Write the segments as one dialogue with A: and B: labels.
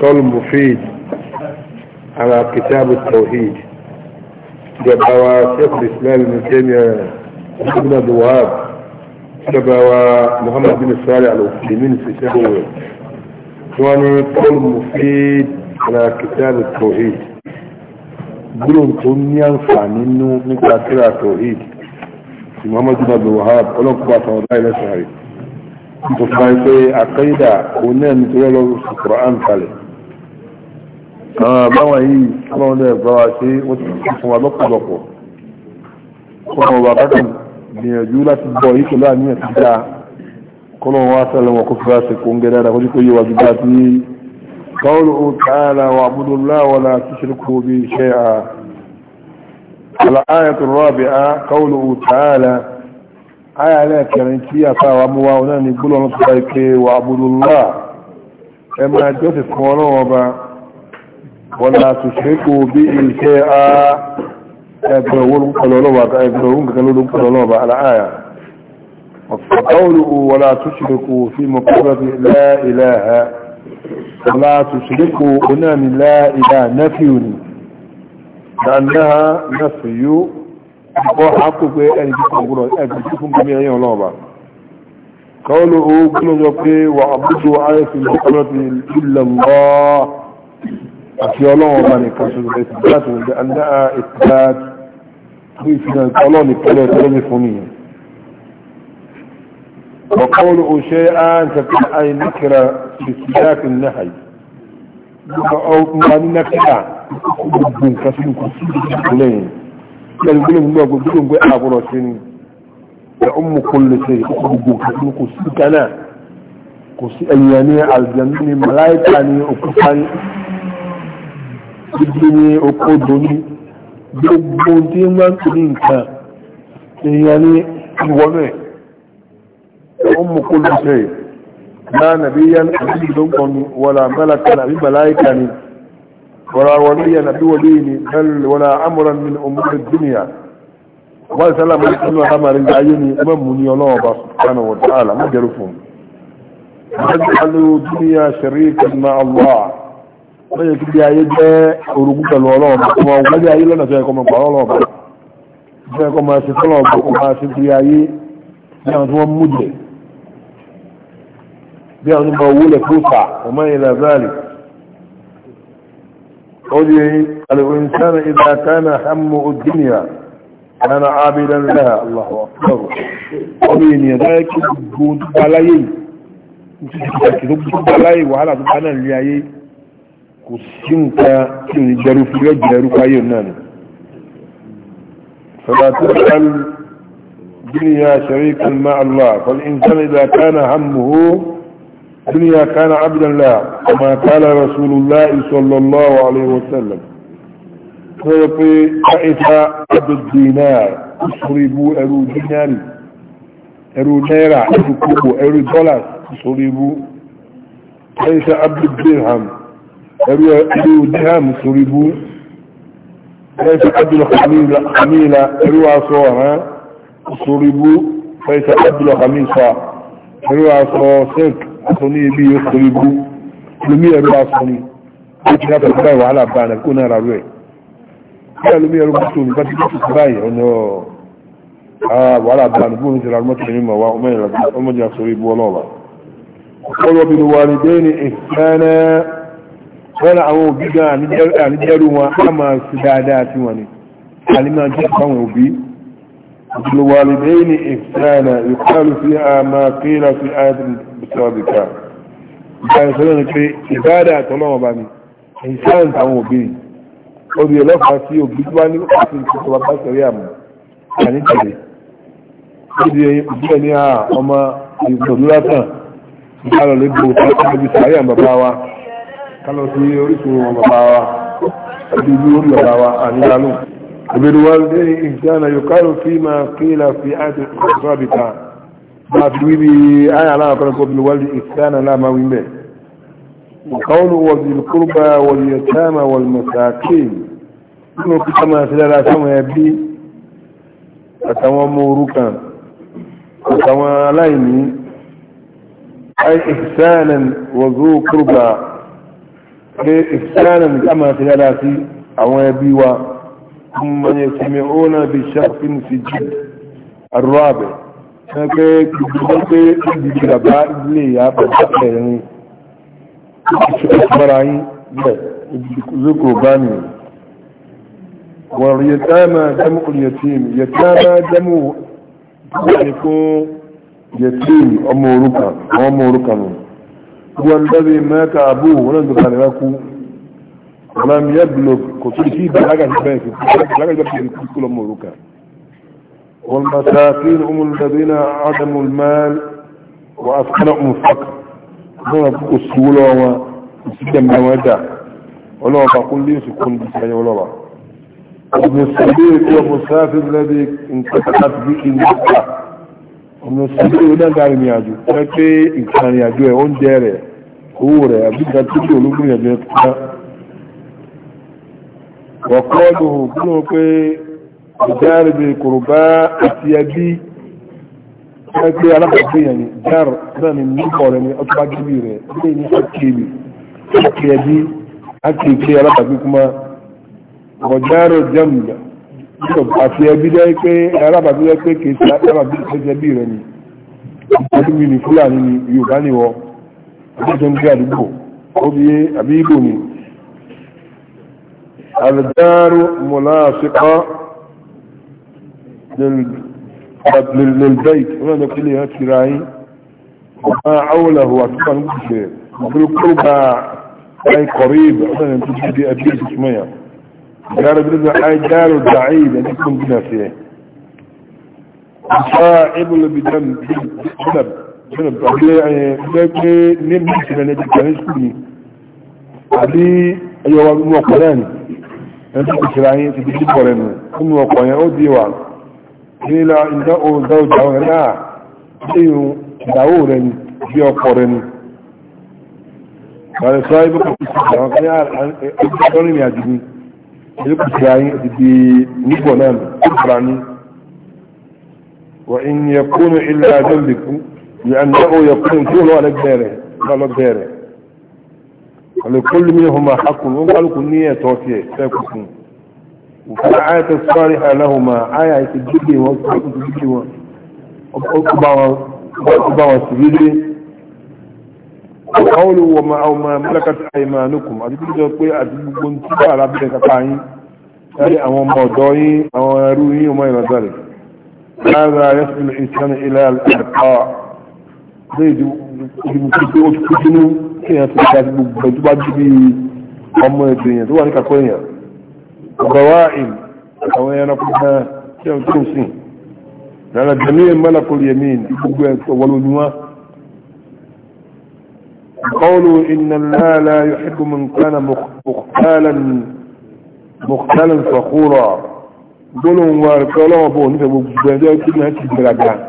A: طول مفيد على كتاب التوحيد جبوا شيخ الإسلام ابن تيمية ابن الوهاب جبوا محمد بن صالح الأسلمين في سبوه واني طول مفيد على كتاب التوحيد بلون كوني ينفع منه من كتاب التوحيد محمد بن الوهاب قلوا انتم بطوا لا إلى kò fà pé àkàídà òun náà nítorí lọ sùkùrọ̀ à ń kalẹ̀ àwọn àbáwọn yìí ọlọ́run náà bá wa ṣe wọ́n ti fi fún wa lọ́pọ̀lọpọ̀ kọ́nà ọba bá kàn gbìyànjú láti bọ̀ yìí pẹ̀lú àníyàn ti dáa kọ́nà wa sálẹ̀ wọn kó fura ṣe kó ń kó ní kó wa bí bá ti قوله تعالى واعبدوا الله ولا تشركوا به شيئا الآية الرابعة قوله تعالى aya ẹlẹ́ẹ̀kẹrin tí àfáwà mú wa ọ̀nà ní gbólọ́nà tó bá ike wà abúlùlá ẹ máa jọ́sì fún ọlọ́wọ́ ọba wọ́nà àtúnṣekò bí iṣẹ́ a ẹgbẹ̀rún owó bọ́ àpò pé ẹni tí kò gbúrọ̀ ẹni tí fún mi ẹyẹ ọlọ́ọ̀bà kọ́ọ̀lù owó gbúlọ́jọ pé wà àbújọ àyẹ̀sì lọ́kọ́lọ́tì ilẹ̀ lọ́ àti ọlọ́wọ̀n bá nìkan ṣe lè ti bá tòun jẹ́ andá ìtìlá tó ìfihàn ọlọ́ọ̀nì pẹ̀lẹ́ tó lómi fún nìyẹn وقول شيئا تكون أي نكرة في سياق النهي أو ما نكرة كسين كسين كسين pẹ̀lú gbólóngbò gbólóngbò àgbọ̀rọ̀ sí ni ẹ̀ ọmọ kọlẹ̀ sí gbogbo kàtún kò sí gánà kò sí ẹ̀yìn ní àlùjànnú ní màláìkà ní òkúta ní gbígbé ní okòdó ní gbogbo tí ń máa ń pè ní nǹkan ẹ̀yìn ní ìwọ́nú ẹ̀ ọmọ kọlẹ̀ sí náà nàbí yẹn àbí ìdókòó ni wọ́n là mẹ́lẹ̀kà àbí màláìkà ni ولا وليا نبي وليني بل ولا أمرا من أمور الدنيا وقال سلام عليكم ورحمة العيني أمام مني الله سبحانه وتعالى ما جرفون يجعل الدنيا شريكا مع الله ما يكفي يجاء ورقوك الولوم وما وقد يأي لنا سيكم القرولوم سيكم ما سيكلوم وما سيكياي يعني مجري بيعني مولة فوسع وما إلى ذلك قوله الإنسان إذا كان هم الدنيا كان عابدا لها الله أكبر قوله إن يداك بون بلاي بلاي وعلى سبحانه لله كسينك كن جروف جروف أيونان فلا تسأل الدنيا شريكا مع الله فالإنسان إذا كان همه الدنيا كان عبدا لا كما قال رسول الله صلى الله عليه وسلم فيقي كيف عبد الدينار يشربوا ارو دينار ارو نيرا ارو كوبو ارو دولار يشربوا كيف عبد الدرهم ارو ارو درهم يشربوا كيف عبد الخميلة ارو عصوها يشربوا كيف عبد الخميصة ارو عصوها سلك aṣọ ní ibi yóò kó igbó lómi ẹ̀rọ aṣọ ni ó ti láti ọ̀dọ́ ìwàhálà bá a kó náà rárú ẹ̀ bẹ́ẹ̀ lómi ẹ̀rọ mọ́tò nípa tí ó ti báyìí ọ̀nà wàhálà bá a kó ní ti rárú mọ́tò nínú ọ̀wá ọmọ ìjà sórí ibú ọlọ́ọ̀bà ọlọ́ bí wà ní dẹ́ni ìfẹ́nẹ́ wọ́n àwọn òbí gan àníjẹ́rù wọn a máa sí dáadáa tí wọ́n ni alìmọ̀ àwọn òbí ìjìlówà ní dẹ́ni ìfẹ́nẹ́ ìkọlù sí àmà kílà sí àdìmọ̀ ìtọ́bìkà ìbáyẹ̀ sọ́lọ́ ni pé ìbáyàdà àtọ́lọ́wọ́ bá ní ìṣáàn àwọn òbí orí ọlọ́pàá sí òbí tó bá ní òfin tó bá bá sọ̀rí àmọ́ àní tẹ̀lé ìdí ìbílẹ̀ ní ọmọ ìgbòdúrà tàn ìbálọ̀ lè sàárì àmọ́ bá wa kálọ̀ sí orísun bàbá wa àti ìlú orí bàbá wa àní lálù òbí ni wọ́n lé ìṣáàn àyọkárò fí máa kí بابويبي اي على قرقوب الوالد احسانا لا ما وين به وقوله وذي القربى واليتامى والمساكين انه كما سلا كما يبي اتوا موروكا اتوا لايني اي احسانا وذو قربى احسانا كما سلا في او يبي و ثم يسمعون بشرف في الجد الرابع wọ́n pé gbogbo pé ìdíje bàbá ilé ìyá bàbá ẹ̀rin ìṣẹ́kọ̀ọ́ra yín bẹ̀ ìdíkùzókò bá mi wọ̀rọ̀ yẹtàmà jẹ́mú olùyẹtìm yẹtàmà jẹ́mú ìfún yẹtìm ọmọ orúkà ọmọ orúkà nù wọ́n lọ́bí mẹ́ta àbú wọ́n lọ́dún kan rẹ̀ kú wọ́n lọ́mí kò tó sí والمساكين هم الذين عدموا المال وأثناءهم الفقر هنا بقوا السهولة وسكن مودع ولو بقول لي سكن بسعي ولو ابن السبيل هو المسافر الذي انقطعت به النقطة ابن السبيل هنا قال ياجو لكن إن كان ياجو يقول جاري هو رأي أبدا تجي ولو من يجو وقاله járe bí kòròbá àti ẹbí ẹgbẹ́ alábàágbé yẹn ni jár náà ni nígbà rẹ ni ọtọ́ bá gírí rẹ ilé ní akéèmì àti ẹbí akéèké alábàágbé kuma ọ̀járe jẹ́mùgbà àti ẹbí jẹ́ pé alábàágbé jẹ́ pé kìí sí alábàágbé jẹ́ bí rẹ ni ọdún mi ní fúlàní ni yorùbá ni wọ àbújọ ń gbé àdúgbò ó bí àbí ni alùdáàrú mọ̀lá àṣekọ́ للبيت ولا نقول لها تراعي ما حوله أكبر مجد نقول قربة أي قريب انا نقول دي أبيل اسمها جار بلد أي جار الدعيد أن يكون بنا فيه صاحب اللي بدم جنب جنب أقول يعني نم نسل أن يجب أن يسكني ايوه أيها الموقعان أنت تشرعين تبجيب ورنه كل موقعين أو ديوان nílá ìdá òǹdá òjà rẹ̀ náà nínú ìdáwó rẹ̀ ni bí ọkọ̀ rẹ̀ ni bàrẹ̀ sọ ibùkù ti ti àwọn kan ní àjọrin ìrìn àjò ni ibùkù ti ayé ìdìdì nígbọ̀ náà ni ó fara ní wà ń yẹ kúnnù ilẹ̀ àjọ lèkú ìyànà ó tí ó lọ́wọ́ lẹ́gbẹ̀rẹ̀ lọ́lọ́gbẹ̀rẹ̀ فالآية الصالحة لهما آية تجدي وتجدي وأبا وسجدي وقولوا وما أو ما ملكت أيمانكم أتجدوا قوي أتجدوا قوي على بلك قاين يعني أو موضوعي أو روحي وما إلى ذلك هذا يصل الإنسان إلى الأرقاء زيد يمكن أن تكونوا كي يتكلم بجبال بي أمو الدنيا دواني كاكوين يعني قوائم او انا كنت انا جميع ملك اليمين قولوا ان الله لا يحب من كان مختالا مختالا فخورا قولوا لك الله ابو لك بجدو كنا لك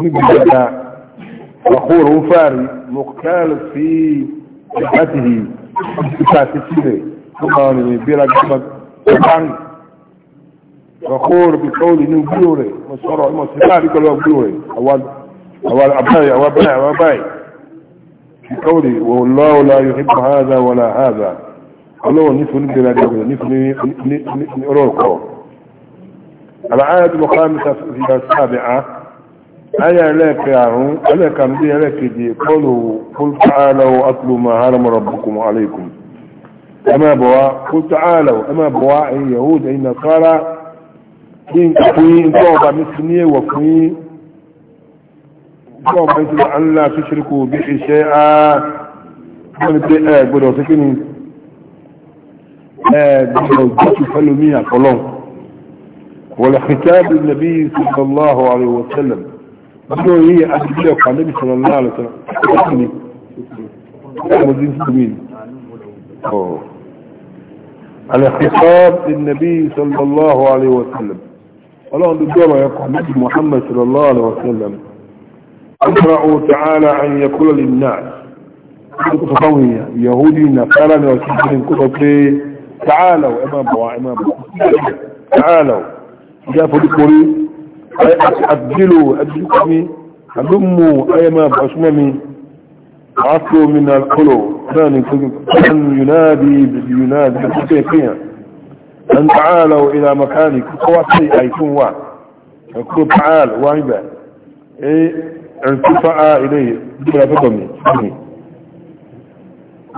A: بجدا فخور لك مختال في لك في ثماني بلا جمد وكان فخور بقول انه بيوري وصرع المسيحة يقول له بيوري اول اول اباي اول اباي اول اباي في قولي والله لا يحب هذا ولا هذا الله نفن بلا جمد نفن نروكو العادة الخامسة في السابعة أي لك يا أنا كان بي لك دي قولوا قل تعالوا أتلوا ما هرم ربكم عليكم أما بوا قل تعالوا أما بوا أي يهود أي نصارى إن كفين توبة مسنية وكفين توبة مثل أن لا تشركوا به شيئا ولكن ẹ gbọdọ̀ sí kí ni ẹ gbọdọ̀ jẹ́kì fẹ́lómí àkọlọ́n wọ̀lẹ̀ kìtàbí nàbí sallallahu alaihi wasallam gbọdọ̀ yìí àti bí ọkà níbi sallallahu alaihi wasallam على خطاب النبي صلى الله عليه وسلم ولو الجامعة يقول محمد صلى الله عليه وسلم أمرأوا تعالى أن يقول للناس قوية يهودي نفرا وسيحين كتبتي تعالوا إما بوا إمام بوا تعالوا يا فلكوري أبدلوا أبدلكمي هلموا أيما بأسممي عطل من القلوب ثاني أن ينادي ينادي حقيقيا أن تعالوا إلى مكانك قوتي أيكم واحد يقول تعال واحدا إيه انتفع إليه بلا فضمي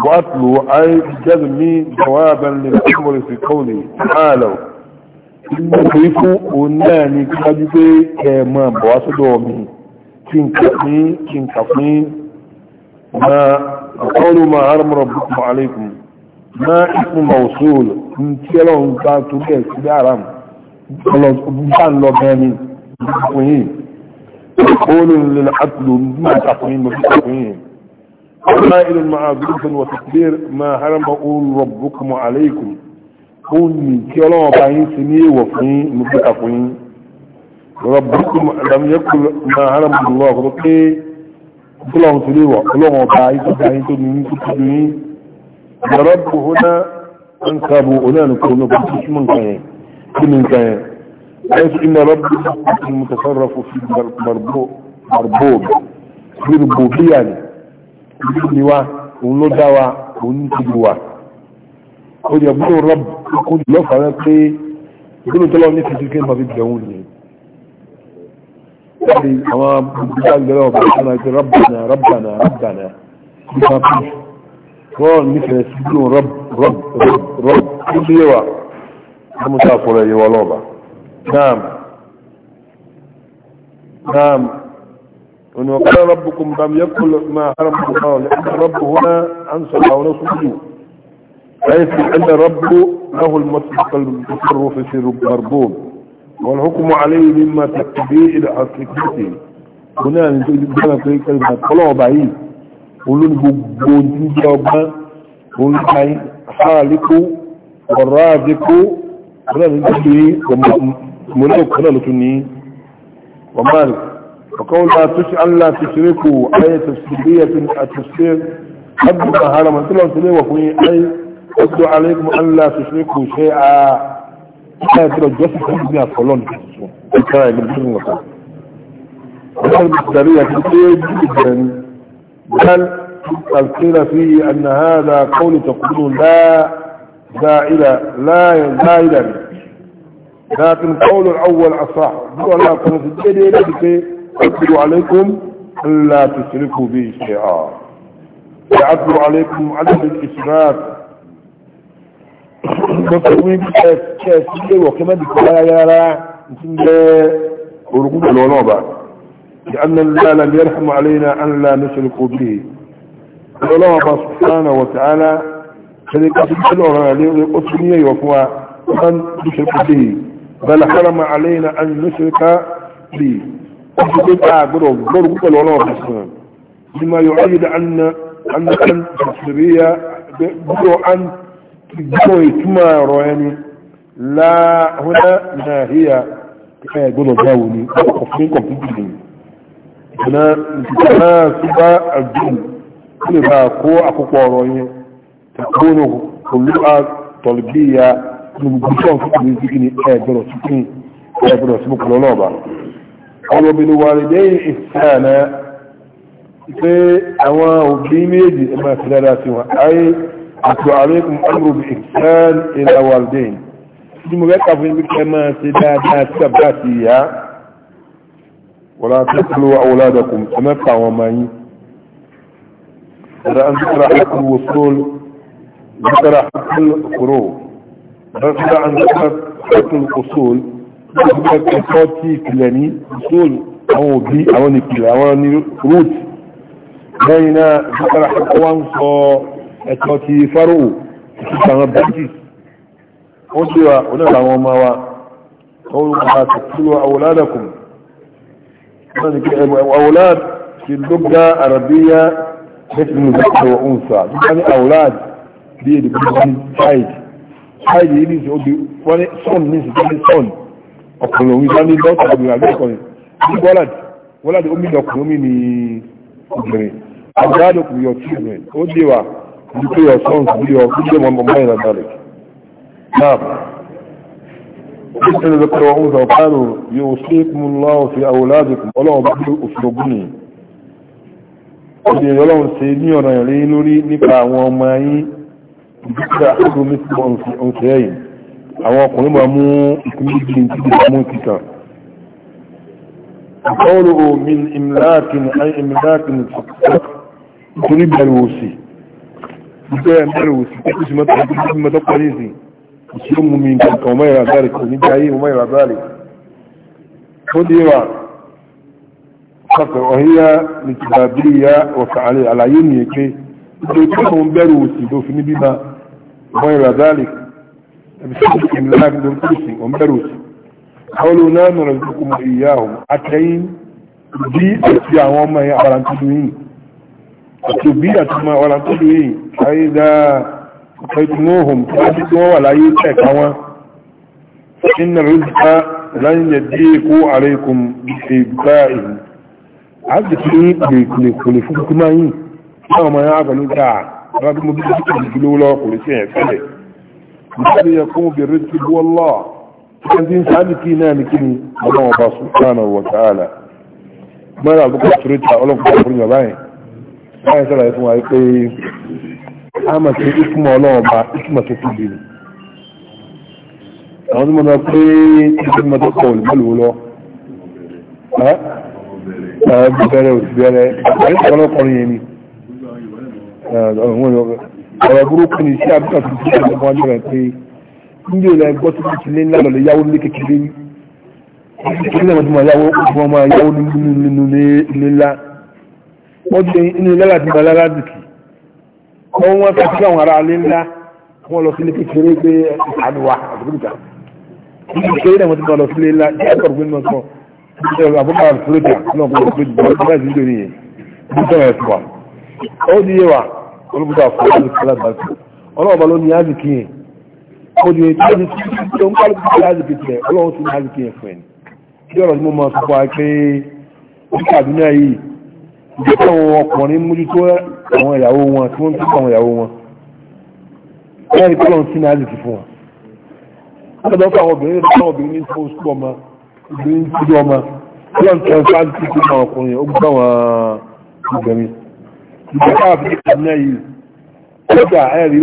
A: وأطلوا أي جزمي جوابا للأمر في قولي تعالوا ìgbẹ̀kùríkù onáà ni kí wájú pé ẹ̀mọ́ àbọ̀wá sọ́dọ̀ mi kí n kà fún ما قولوا ما حرم ربكم عليكم ما اسم موصول انت لهم كانتوا بيه سبعرام كان لو باني تقوين قولوا للعدل ما تقوين ما في تقوين قائل مع وتكبير ما حرم قول ربكم عليكم قول من كلام باين سني وفين مبتقوين ربكم لم يكن ما حرم الله ربكم ọlọ́run tó léwọ̀ ọlọ́run ọba ìtọ́jú ayé tó ní títí ní ìrọ̀rọ̀ bò ó ná ń kàbò onánìkò ní ọkùnrin tí mú nǹkan yẹn kí ni nǹkan yẹn ẹ̀sù iná rọ́bì àti mùtàsọ́rọ̀ fòfì barboob lórí bòbíyà ni ìlú ni wa òun ló dá wa òun ní ti wa ó yẹ gbọ́dọ̀ rọ́bì kó lọ́fàá rẹ pé gbọ́dọ̀ tọ́lọ́ ní fìdí kí n máa fi bẹ̀rù nìyẹn يعني أما بجال جلوه بحنا ربنا ربنا ربنا قول مثل يسجلون رب رب رب رب كل يوا المسافر يوالوبا نعم نعم وقال ربكم لم يقل ما حرم الله لأن الرب هنا أنصر أو نصره ليس أن الرب له المطلق التصرف في مربوب والحكم عليه مما تكتبيه إلى حقيقته هنا نتجدنا في كلمة طلعوا بعيد قلون بقون تجاوبا قلون خالق والرازق هنا نتجدني وملك هنا لتني ومالك وقول لا تشعل لا تشركوا أي تفسيرية التفسير حد ما هرم الله سليه وفني أي أدو عليكم أن لا تشركوا شيئا بل قيل فيه أن هذا قول تقول لا زائلة لا زائلة لكن قول الأول أصح ولا قناة الجديد لك أكبر عليكم ألا تشركوا به شيئا يعبر عليكم عدم الإشراك لأن الله لم يرحم علينا أن لا نشرك به الله سبحانه وتعالى خذي قصد الله لأسمية وفوا من نشرك به بل حرم علينا أن نشرك به وفقد أعبره برغة الله بسنا لما يعيد أن أن أن تشريه برغة gbọ́ ìtumọ̀ ọ̀rọ̀ ẹni láhúnná nàíyà ẹ̀ gbọ́dọ̀ báwo ni ọ̀fún kọ̀mpútì ni ìgbọ́nà ìtìkọ́nà síbá àdùn kí lè bá kó àkókò ọ̀rọ̀ yẹn tàbí pẹ̀lú àtọ̀lùbíyà gbogbo sọ̀n tó kù ní sí kíni ẹ̀ gbọ́dọ̀ sí kíni ẹ̀ gbọ́dọ̀ sí kùlọ̀ náà bá ọmọbìnrin wà lè dẹ́yìn ìsànà pé àwọn òbí méjì ẹ̀ máa dáadáa sí wọn ayé àti àríkùn ọmọ ìsán ilẹ̀ waldin tí mo rẹ́kà fún ibi kẹ máa ṣe dáadáa tí àbá ti yá wọ́la tó kúrò àwòládàkùn tó mẹ́fà wọn máa yí ẹ̀rọ àǹtíkàrà àkùn wòsùn àǹtíkàrà àwọn òbí àwọn ìpìlẹ̀ àwọn ní rúùtì lẹ́yìn náà àǹtíkàrà àkùn wọn sọ ẹ̀tọ́ ti fáró ìtàwọn bẹ́ẹ̀kì ó sì wà onílà àwọn ọmọ wa ó wà tàkìlọ àwòládàkùn àwòlád ti lóga àràbíyá mẹ́tìlú ìgbàkọ̀ òǹsà nígbà ní àwòlád bí èdè bí wọ́n child child yìí nìsí obì wọ́n ní son nìsí tó ní son ọkùnrin òun ìgbà ní dọ́tà obìnrin ní wọ́làd wọ́làd omi dọ̀kùnrin omi ní obìnrin àwòlád ọkùnrin yọ̀ children ó dé wa لكي يصنف به وكل من ضمين ذلك نعم مثل ذكر وعوث وقالوا يوصيكم الله في أولادكم ولو بعد أسلوبني ọdún ìrọ́lọ́run ṣe ní ọ̀nà ìrìn lórí nípa àwọn ọmọ yìí dúkìá àkókò mítí ọ̀nṣẹ́ yìí àwọn ọkùnrin ma mú ìpínlẹ̀ tí ó mú kíkàn ọ̀pọ̀ olóòmìn ìmìláàkìn àìyàn ìmìláàkìn ìgbẹ́ ẹ̀ ń bẹ̀rẹ̀ òsì tó sì mọ́tò tó sì mọ́tò pọ̀ níìsì ìṣe mú mi nǹkan ọmọ ìrà bẹ́ẹ̀rẹ̀ kò ní bí ayé ọmọ ìrà bẹ́ẹ̀rẹ̀ tó dé wa kọkọ̀ ọ̀híyá ní tìlà bí ìyá ọ̀sà àlẹ́ àlàyé nìyẹn pé ìgbẹ́ tó ń bẹ̀rẹ̀ òsì tó fi ní bíbá ọmọ ìrà bẹ́ẹ̀rẹ̀ ẹ̀bí tó sì ń láàbí tó kú sí ọmọ bẹ̀rẹ̀ òsì àwọn olùnáàmọ̀ràn tó kú mọ ìyá ọ̀hún àtẹ̀yìn bí àti àwọn ọmọ yẹn àbàràǹtí àtòbíyà tó máa wọ́la tó anyị àrídá ọ̀pẹ́tùnúhùn tó láti tí wà láyé tẹ̀ka wọn iná rúzùká láyé dé kó àríkùn a ti fi ní báyìí sọ̀rọ̀ yìí fún wa pé a mọ̀ sí ìtumọ̀ ọlọ́run bá ìtumọ̀ tó tóbi ni àwọn tó mọ̀ náà pé ìtumọ̀ tó kọ̀ olùmọ̀ lò lọ bí bẹ̀rẹ̀ òsì bẹ̀rẹ̀ àyè ni ọ̀rọ̀ burúkú ni sí abúlé àti ìtumọ̀ tó wájú rẹ̀ pé ndí ò lẹ́yìn gbọ́ tó ti lé ńlá lọ́lẹ̀ yáwó lé ní ìtumọ̀ wọ́n dé inú ilé láti bá láládùkì wọ́n wọ́n fẹ́ sí àwọn ará alé ńlá wọ́n lọ sílé kékeré pé àdùwà àdùkúta kékeré náà wọ́n ti lọ sílé ńlá ìjọba ògbé náà sọ ìjọba àbúkà àdùkúta náà kò tó jù lọ sílé ìjọ nìyẹn bí sọ̀rọ̀ ẹ̀sùn wa ó di yé wa olùkúta fún àdùkúta lágbàtú ọlọ́ọ̀bá ló ní àdùkì yẹn ó di yé tó ń kálukú àdùkì tẹ̀ ọlọ́run ti ní àdùkì yẹn fún ẹ̀ ìjọba àwọn ọkùnrin mójútó àwọn ìyàwó wọn tí wọ́n ń tún àwọn ìyàwó wọn
B: ẹ̀rí pé wọ́n ti ní
A: àlè fún wọn. ọ̀dọ̀ fún àwọn obìnrin nípa àwọn obìnrin ní fún oṣù ọmọ obìnrin ní ojú ọmọ tí wọ́n ń tún ẹ̀fọ́ àti títí àwọn ọkùnrin ó gbọ́ àwọn obìnrin. ìjọba àfihàn náà yìí kódà ẹ̀rí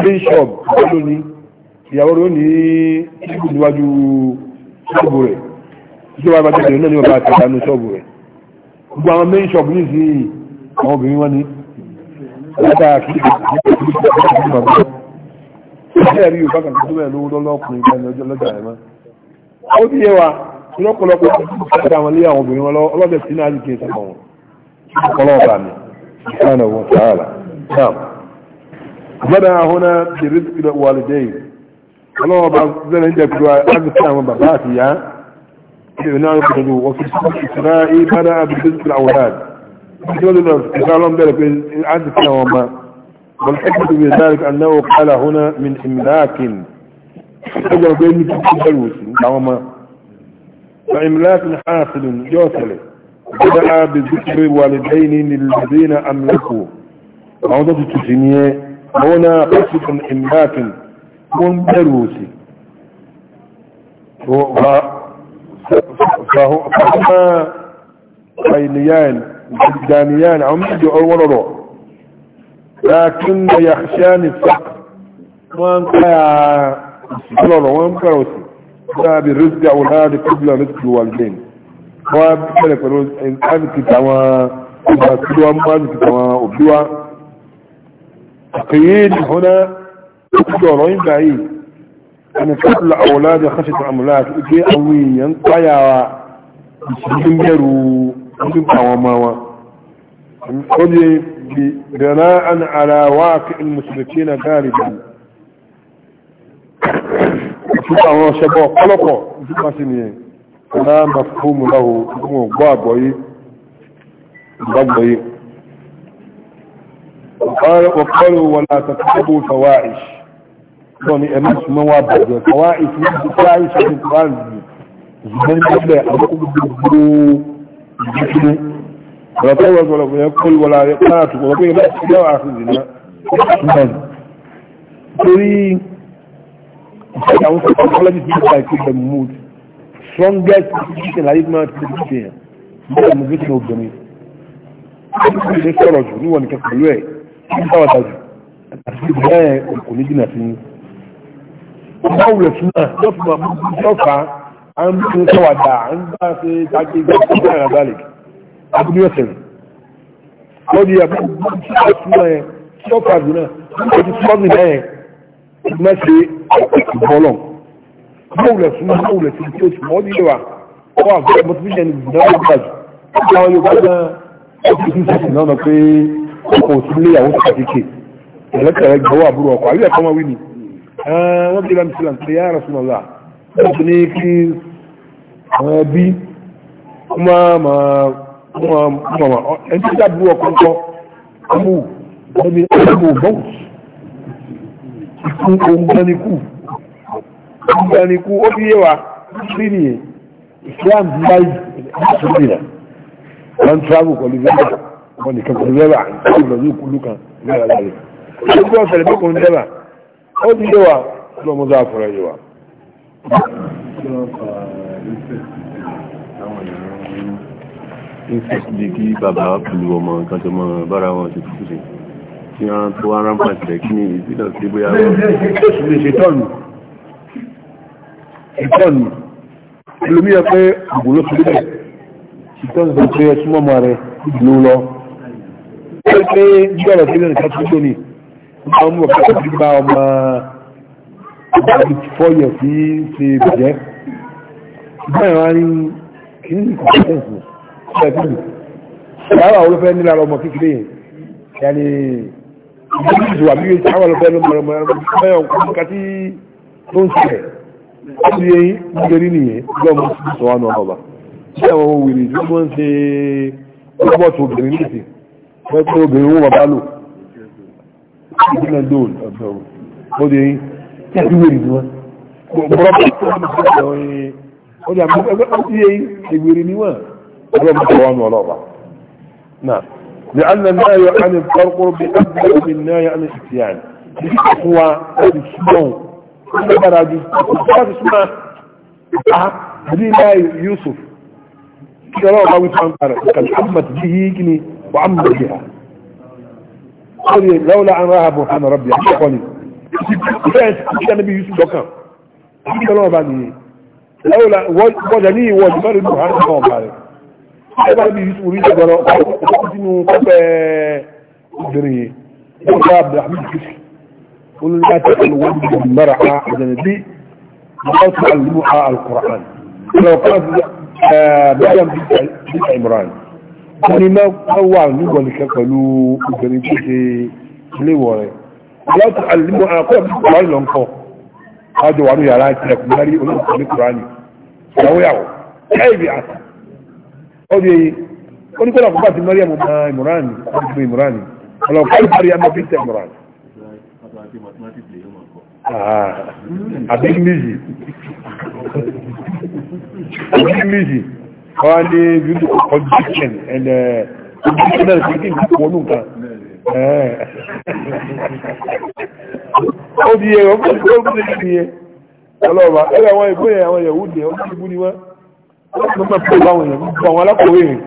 A: ilé ṣọ́ọ̀bù ló ní ìyàwó rẹ̀ ó ní ìlú níwájú ṣọ́ọ̀bù rẹ̀ ìjọba àbájáde náà ní ọba àtàdánù ṣọ́ọ̀bù rẹ̀ gbogbo àwọn main shop ní sí àwọn obìnrin wọn ni látara kí ẹ̀rí yóò bá kàn tó bẹ̀rẹ̀ lówó lọ́kùnrin bẹ́ẹ̀ lọ́jọ́ lọ́jà rẹ̀ إعناء القدو وفي سنة الإسراء بدأ بالرزق الأولاد مثل قالوا ذلك عدد نوما والحكمة في ذلك أنه قال هنا من إملاك حجر بين الفلوس نوما فإملاك حاصل يوصل بدأ بذكر والدين للذين أملكوا عودة تسينية هنا قصد إملاك هو فلوسي فهما عينيان جدانيان عمد ورره لكن يخشان الفقر وان قايا سلولا وان قروسي باب الرزق أولاد قبل رزق الوالدين وبكلك الرزق إن أذك تما وبكلوا ما أذك تما وبدوا تقييد هنا دورين بعيد أن قبل أولاد خشية الأملاك اجي أوي ينقايا ìṣẹ́jú mẹ́rù ọdún àwọn ọmọ wọn ó ní bí dana an alawa kí in musulki na gari bí ìfúta àwọn ṣẹbọ kọlọkọ ìfúta sí nìyẹn ọ̀nà mafuhumu láwo ìfúnwò gbọ́ àgbọ́yé ìgbàgbọ́yé وقالوا ولا تتبعوا فواحش يعني أمس مواضع فواحش من الفواحش في القرآن ṣùgbọ́n nígbẹ́ àkókò gbogbo ìdíkínú ọ̀rọ̀ tó wọ́n sọ̀rọ̀ fún yẹn kó wọlá rẹ̀ káàtù wọ́n pé ilé ìṣẹ́ àti ìdìnnà ṣùgbọ́n torí ìṣẹ́ àwọn sọ̀rọ̀ kọ́lẹ́jì tí wọ́n kí bẹ̀ mood strongest position láyé máa ti di ṣe yẹn bẹ́ẹ̀ mo gbẹ́sẹ̀ obìnrin ó ti sọ̀rọ̀ jù níwọ̀n nìkan pẹ̀lú ẹ̀ kí n bá wà dájú àti ìbẹ̀rẹ̀ kò ní jìnnà sí i. Báwo lè fún náà? Yóò fún wa, yóò fà á an bin kawada an ba su take gaskiya na zalik abu ne wasan wani ya ba su a suna ya sofa zuna an kaji sozi na ya na ce bolon maula suna maula sun ce su wani yawa ko ga mutum ne na ba su ta wani ba na ofishin sassi na wani pe ko sun leya wasu a jike da lakar gawa buruwa ko yi da kama wini wọ́n bí i lámsílẹ̀ ya rasu na láti ní kí àwọn ẹbí ọmọ ọmọ ẹni tí dábú ọkọ̀ọ̀kọ́ ọmọ ẹni ọmọ bọ́ọ̀t ìkún ohun gbanikú ohun gbanikú ó fi yẹwà sí ni islam láì ìṣòro rẹ̀ wọ́n travel pẹ̀lú vẹ́bà wọ́n nìkan pẹ̀lú vẹ́bà ìlọ́dún kúlú kan lára lára rẹ̀ ó gbọ́ fẹ̀lẹ̀ mẹ́kùnrin vẹ́bà ó ti yẹwà lọ́mọdé àfọ̀rọ̀ yẹwà ìfẹ́sìdì kí bàbá pẹ̀lú ọmọ ìkàjọ mọ́ bára wọn ṣe fúfúsí tí wọ́n tó wá rámpà ìtẹ̀ kí ní ìpínlẹ̀ sí bóyá wọ́n lè ṣe tọ́nù ìtọ́nù olómi yẹ pé ògùn ló fi lẹ̀ ìtọ́nù tó pé ẹsùn mọ́ rẹ̀ ló lọ pé pé bí ọ̀rọ̀ sílẹ̀ nìkan tó gbóni ọmọ ọmọ ọmọ láti fọ́yẹ̀ sí ṣe bẹ̀jẹ́ bẹ́ẹ̀ wá ní kìíní kọ̀ọ̀tẹ́sì ṣẹ́fìlì ṣàwà olófẹ́ nílà ọmọ kékeré yẹn ni ìgbésù àbí ṣàwà olófẹ́ ló mọ̀rọ̀ mọ̀rọ̀ mọ̀rọ̀ ọkùnrin kàtí tó ń ṣẹlẹ̀ láti yẹ nígbèrí nìyẹn gọ́ọ̀mù sí sọ wọn ọba ṣé àwọn ohun wèrè tí wọ́n ń ṣe rọ́bọ̀tì obìnrin tí a ti wèrè ni wọn. bọ́lá bá tó wọn ti sọ ẹ ọ ní àbúrò ẹgbẹ́ wọn ti yé ìwèrè ni wọn. ọlọ́run ti wọ́n wọn lọ́ba. náà ní àná náà yọ àná kọ́kọ́rọ́ bí ẹgbẹ́ omi náà yọ àná ìtìyàn. bí kò fún ó ló bára ju láti súnmọ́ a bí láì Yusuf ni لولا أن رهب سبحان ربي أحقني bẹ́ẹ̀ ti ṣe níbi yusuf dọ́kàn àti ìjọba ọba nìyí lọ́wọ́lá wọ́jà ní ìwọ ìjọba rẹ̀ lùhán ní ọba rẹ̀ ìjọba níbi yusuf rí ìjọba ọkọ̀ sínú kọ́pẹ́ obìnrin yìí ìjọba abdulhamid kìsì olùdíjà tó ń wọ́n ní mara a àjẹnìdí wọ́n tó àlùmọ́ a alukur'an lọ́wọ́ kan bẹ́ẹ̀ bí imran wọ́n ní máa wà nígbọ̀nìkẹ́ pẹ̀lú obìnrin tó ilé ìwọ̀ rẹ̀ láti alìmọ̀ àkọ́ọ̀bí kùránì lọ ń kọ́ ájọ wà ní yàrá ìtìlẹ̀kùn lárí olóòtú ní kùránì ìyàwóyàwó ẹ̀ẹ́bì àti ọdún èyí ó ní kọ́lá kọ́kọ́ àti mariam ọmọ ìmùránì ọdún ìmùránì ọlọ́kọ́ ìparí àmọ́ fi tẹ̀ ìmùránì. Ah, àbí mílíì
B: àbí mílíì
A: wọ́n á ní yúdú kọ́ndíṣẹ̀n ẹ̀ ẹ̀ ó di yẹ wọ́n kó kó kó di yẹ ọlọ́ọ̀bà ẹ̀rọ àwọn ìgbó yẹn àwọn yẹ̀wù dẹ̀ ọdún ìbú ni wọ́n wọ́n ti máa pẹ̀lú àwọn yẹ̀wù gbogbo àwọn alákòwé yẹn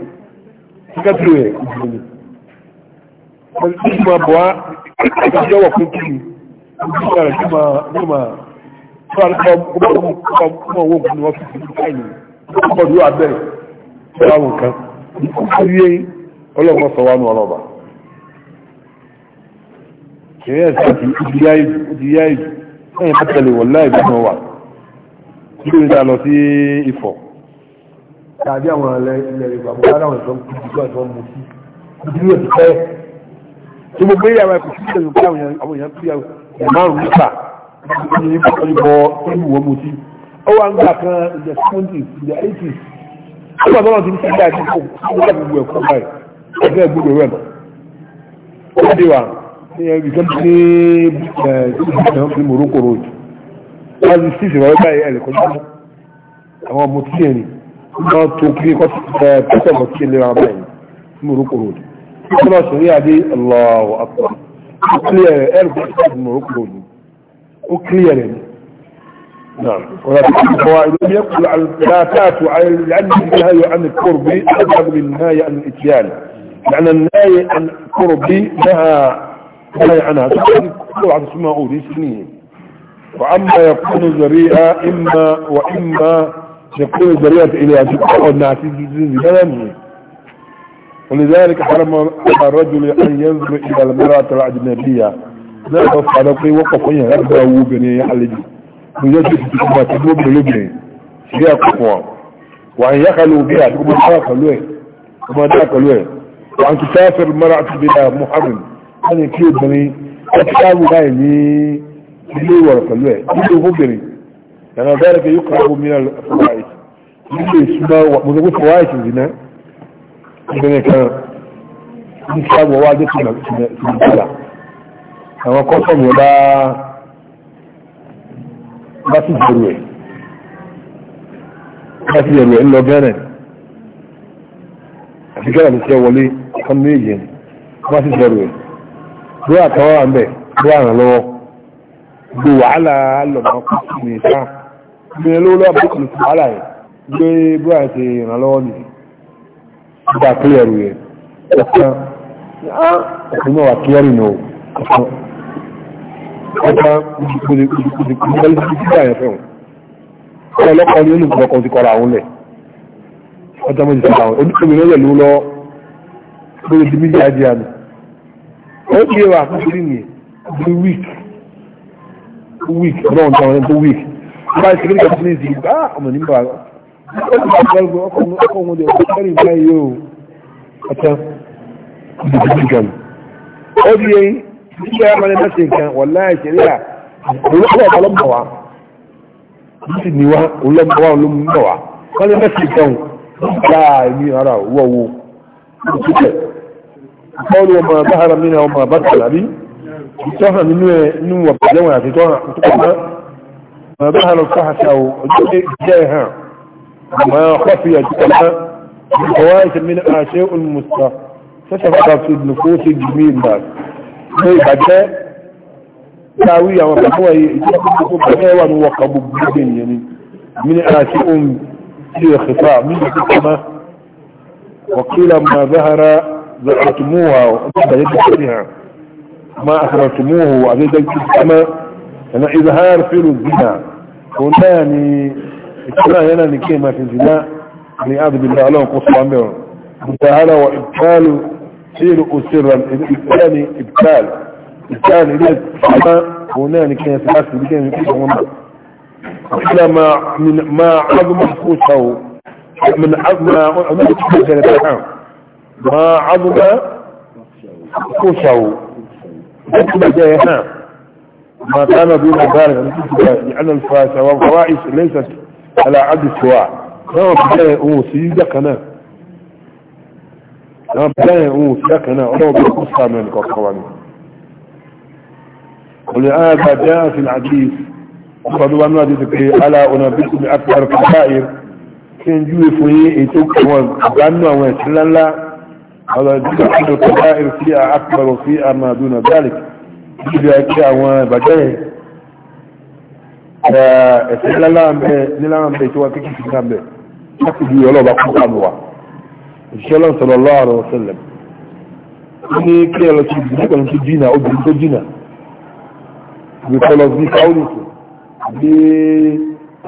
A: kíkẹ́ tó yẹ ìdìbò ni wọ́n ti máa bọ̀ á ìjọwọ́ pé kí ni ojú ìgbà rẹ̀ kí máa ní máa tó àlùkò ọmọ owó ògùn ni wọ́n fi fi káyìn ọkọ̀ ìlú abẹ́rẹ́ ọlọ́run kan ìkú kúrú yẹn ọlọ́run sọ wá nù ọlọ́ọ̀bà ṣẹ̀rẹ́ ẹ̀sẹ̀ àti ìdíyà ìjù lẹ́yìn bá tẹ̀lé wọ̀ láì gbọ́nà wà nígbà nígbà lọ sí ifọ̀. tàbí àwọn ilẹ̀ ìgbà mọ́ láwọn ìṣọ́ ìgbà ìṣọ́ mú sí ìdílé ẹ̀sẹ̀ fẹ́. tí mo gbé yàrá ẹ̀kọ́ sí ìṣẹ̀lẹ̀ pé àwọn èèyàn pí ìmárùn wọ́n mú sí. ó wà ń gbà kan ilẹ̀ 70s ilẹ̀ 80s. ó gbà tọ́lọ̀ ti ń ṣe ilé àdínkù ó gbà gbogbo ẹgbẹ̀gbẹ̀ ní ẹgbẹ̀gbẹ̀ ní morocco road wọ́n ti sí ìwọ̀n báyìí ẹ̀lẹ́kọ́ jù àwọn ọmọ tí ẹ̀rìn náà tó kiri kọ́ pẹ́sẹ̀ lọ sí ìlera báyìí ní morocco road tí wọ́n sọ rí adé Allahu Akbar ó kílẹ̀ rẹ̀ ẹ̀rùkọ́ sí morocco road ó kílẹ̀ rẹ̀ نعم وقواعد لم يقل لا تات لأن النهي عن القرب أبعد من النهي عن الإتيان لأن النهي عن القرب نهى
B: ولا يعنى كل
A: واحد اسمه أولي سنين وعما يكون ذريئة إما وإما يكون ذريئة إلى تقع الناس ولذلك حرم الرجل أن ينظر إلى المرأة الأجنبية لا يفعل وقف يغرب وبني يحلج ويجب تكما تدوب لبني هي قفوة وأن يخلوا بها تكما تحرق الوين وما ذاك الوين وأن تسافر المرأة بلا محرم wọ́n ní kí obìnrin ọtí káàbù báyìí ní ilé ìwọ̀rọ̀ pẹ̀lú ẹ̀ nílé obìnrin ìyànà ọ̀gá ẹ̀rẹ́kẹ̀ yóò kọ́ omi náà fọwáì nílé ìsúná mọ̀tòkú fọwáì sì dì náà obìnrin kan ní káàbù ọwọ́ adé tìǹbìtìlà àwọn kọ́sọ̀mù ọ̀dá bá sì jẹ̀rù ẹ̀ bá sì jẹ̀rù ẹ̀ ńlọ gẹ́rẹ̀ àti gẹ́rẹ̀ àti ṣẹ́ wọlé ọkàn méjì ẹ̀ bá sì jẹ̀rù ẹ̀ bó àtọwọ́ ń bẹ̀ bó àràn lọ́wọ́ gbò wàhálà lọ́mọ kùsùn ní ìta ìgbìyànjú lówó lọ́wọ́ bó kùsùn wàhálà yẹn gbé bó àti ìrànlọ́wọ́ nì ìgbà kílẹ̀rù yẹn ọ̀kan ọ̀kan náà wà kílẹ̀rù nù ọ̀kan ọ̀kan ọlọ́kọ̀ ní olùkọ̀ọ̀kan ti kọ́ra àwọn lẹ̀ ọjọ́ mọ́jì sí ó ti wà fún sí ní the week week ọlọ́run tó ọ̀rẹ́ tó week bá a ṣe kí ní ìsìn bá ọmọ ní bá ó ti bá ọgbẹ́ ọkọ̀ ọmọ ọdẹ ọkọ̀ kẹrin bá yìí o ọ̀tẹ́ ìdìbò gan ó di yẹn nígbà yà máa ní láti nǹkan wọ̀ láì ṣe rí à òun ọ̀pọ̀ ọlọ́mọ wa ó sì ní wa ọlọ́mọ wa ọlọ́mọ wa wọ́n ní láti nǹkan láà ní ara wọ́wọ́ ó ti tẹ̀ قول وما ظهر منها وما بطل أبي بتوحنا منه نوى بجوة بتوحنا ما ظهر الصحة أو جائها ما خفي جتنا فوائد من أشياء المستقى فشفت في النفوس الجميل بس هي بجاء تاوية وفقوة بجاوة وقبو بجبين يعني من أشياء في من وقيل ما ظهر زرعتموها بعد يدها ما أخرجتموه وعزيز السماء أنا إظهار فعل الزنا كناني هنا أنا ما في الزنا أعذ بالله لهم قصة منهم متهالة وإبتال سير أسرا الثاني إبتال إبتال إليه السماء كناني كيما في الأسر بكيما في الأسر إلى ما من ما عظم نفوسه من عظم ما عظم نفوسه ما عظم
B: كشوا أكبر جايها
A: ما كان دون يعني ذلك لأن الفاشة والفواحش ليست على عد سواء ما بداية أوسي دكنا ما بداية أوسي دكنا ولو بقصة من القرآن ولهذا جاء في العديث وقد أن ذلك ألا أنبئكم أكبر كبائر كان جوي فيه يتوقع وأنه ويسلل على جزء الكبائر فيها أكبر وفيها ما دون ذلك جزء أكبر وبجاه ẹ̀sẹ̀lẹ̀ láàmẹ́ tí wọ́n kéèkì sí láàmẹ́ láti bí ọlọ́ba kún kánúwà ìṣẹ́lẹ̀ sọ̀rọ̀lọ́ àrọ̀ ọ̀sẹ̀lẹ̀ ní kí ẹlọ sí ìdílé pẹ̀lú tó jìnà obìnrin tó jìnà ìgbẹ̀kọ́lọ́ sí káwùnìtì àbí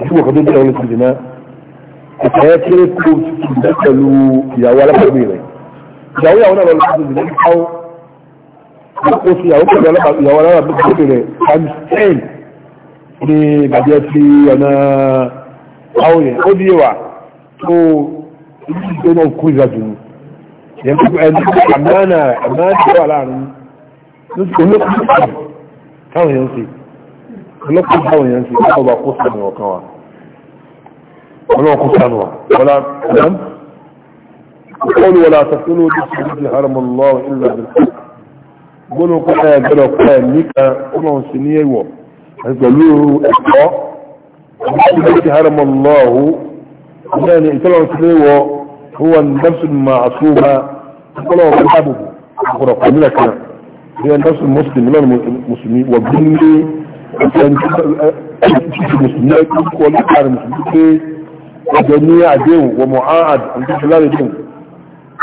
A: ìṣúwọ̀kọ́ tó jẹ́ ọlọ́sìn jìnà ẹ̀sẹ̀ kéré kó pẹ̀lú ìyàwó alábàgbé rẹ̀ ìyàwó ìyàwó náà lọ lọ́dún ìlú káwó ó fi ìyàwó pẹ̀lú ọlọ́pàá ìyàwó ọlọ́pàá bí kò bèrè times ten ní ìgbàjẹ́ ti ọ̀nà káwó yẹn ó di ìwà tó ibi tó náà kú ìgbàjù ni yẹn tó ẹni àmàna àmàna tó wà láàrin ní ti olókùn táwọn yẹn ń ṣe olókùn táwọn yẹn ń ṣe káwọn bá kó قل ولا تقولوا جسد حرم الله إلا بالحق قولوا قلنا قلوا قلنا نيكا قلوا سنية و قالوا إخطاء جسد حرم الله يعني قلوا سنية و هو النفس المعصومة قلوا قلابه قلوا قلنا كنا هي النفس المسلم من المسلمين وبني كان المسلمين يقولوا المسلمين وجميع دين ومعاهد عند خلال دين